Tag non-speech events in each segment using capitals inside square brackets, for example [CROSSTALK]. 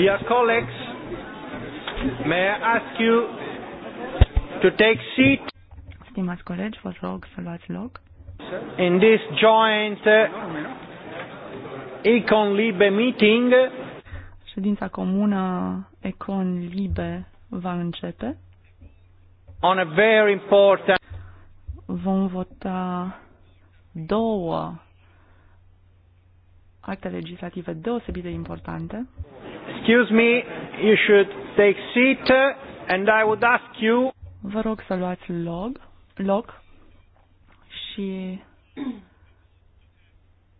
Dear colleagues, may I ask you to take seat? Stimați colegi, vă rog să luați loc. In this joint uh, Econ Libe meeting, ședința comună Econ Libe va începe. On a very important vom vota două acte legislative deosebit de importante. Excuse me, you should take seat and I would ask you Vă rog să luați log, loc și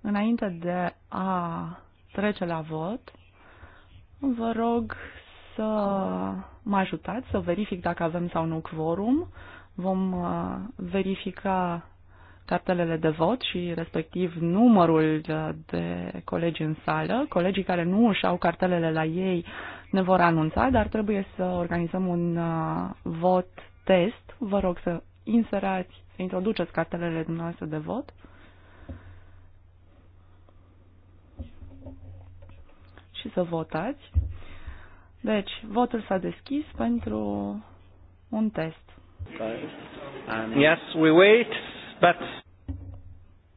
înainte de a trece la vot, vă rog să mă ajutați să verific dacă avem sau nu quorum. Vom uh, verifica cartelele de vot și respectiv numărul uh, de colegi în sală. Colegii care nu își au cartelele la ei ne vor anunța, dar trebuie să organizăm un uh, vot test. Vă rog să inserați, să introduceți cartelele dumneavoastră de vot. Și să votați. Deci, votul s-a deschis pentru un test. Yes, we wait, but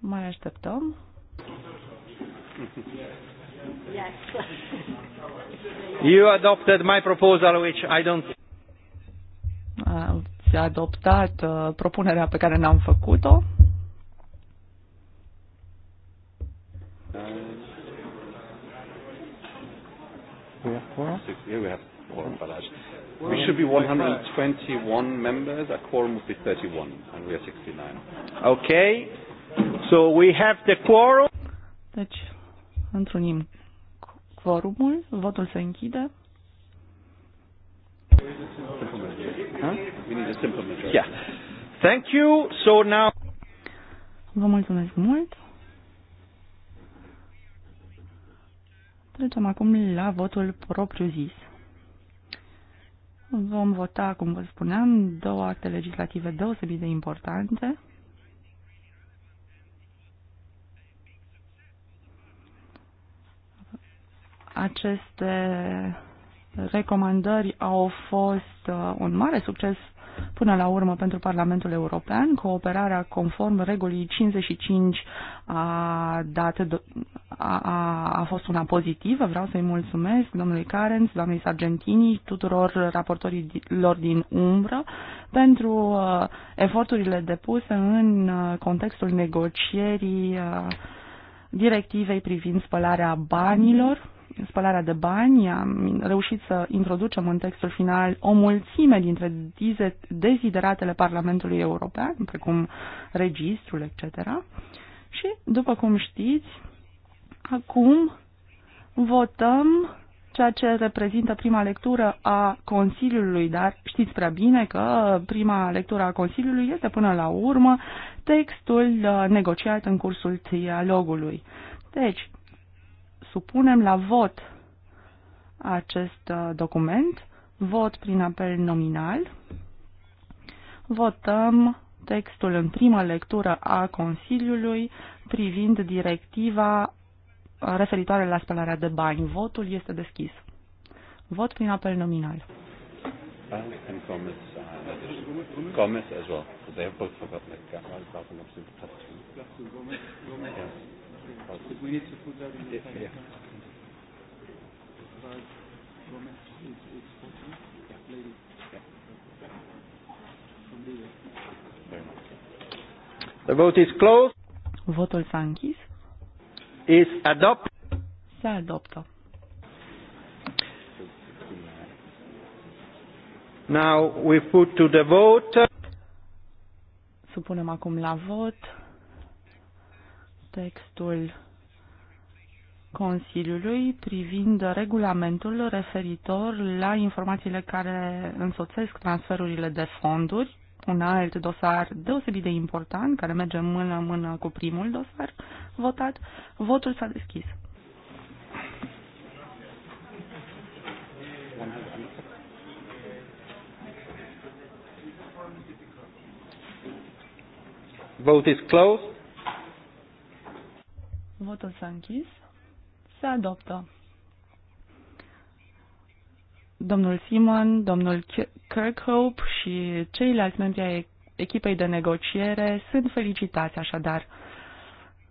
mai așteptăm. [LAUGHS] You adopted my proposal, which I don't... Ați adoptat uh, propunerea pe care n-am făcut-o. We have four? Yeah, we have four, Balaj. We should be 121 members. A quorum would be 31, and we are 69. Okay. So we have the quorum. Deci, întrunim quorumul, votul se închide. Yeah. Thank you. So now Vă mulțumesc mult. Trecem acum la votul propriu-zis. Vom vota, cum vă spuneam, două acte legislative deosebit de importante. Aceste recomandări au fost uh, un mare succes până la urmă pentru Parlamentul European. Cooperarea conform regulii 55 a, dat, a, a, a fost una pozitivă. Vreau să-i mulțumesc domnului Carenț, doamnei Sargentini, tuturor raportorilor din umbră pentru uh, eforturile depuse în uh, contextul negocierii uh, directivei privind spălarea banilor spălarea de bani, am reușit să introducem în textul final o mulțime dintre dezideratele Parlamentului European, precum registrul, etc. Și, după cum știți, acum votăm ceea ce reprezintă prima lectură a Consiliului, dar știți prea bine că prima lectură a Consiliului este până la urmă textul uh, negociat în cursul dialogului. Deci, supunem la vot acest uh, document, vot prin apel nominal. Votăm textul în prima lectură a Consiliului privind directiva uh, referitoare la spălarea de bani. Votul este deschis. Vot prin apel nominal. Gomez uh, as well. They have both forgotten We need to put that in the yeah. is, The vote is closed. Votul s-a închis. Is adopt. Se adoptă. Now we put to the vote. Supunem acum la vot textul Consiliului privind regulamentul referitor la informațiile care însoțesc transferurile de fonduri, un alt dosar deosebit de important care merge mână-mână cu primul dosar votat. Votul s-a deschis. Vote is closed. Votul s-a închis adoptă. Domnul Simon, domnul Kirkhope și ceilalți membri ai echipei de negociere sunt felicitați așadar.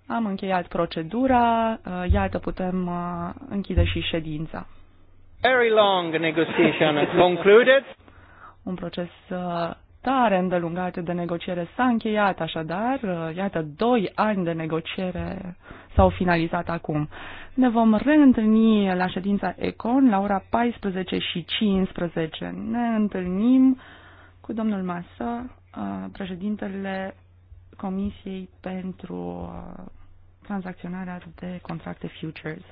Am încheiat procedura, uh, iată putem uh, închide și ședința. Very long negotiation concluded. Un proces uh, tare îndelungat de negociere s-a încheiat așadar, iată, doi ani de negociere s-au finalizat acum. Ne vom reîntâlni la ședința ECON la ora 14 și 15. Ne întâlnim cu domnul Masă, președintele Comisiei pentru tranzacționarea de contracte futures.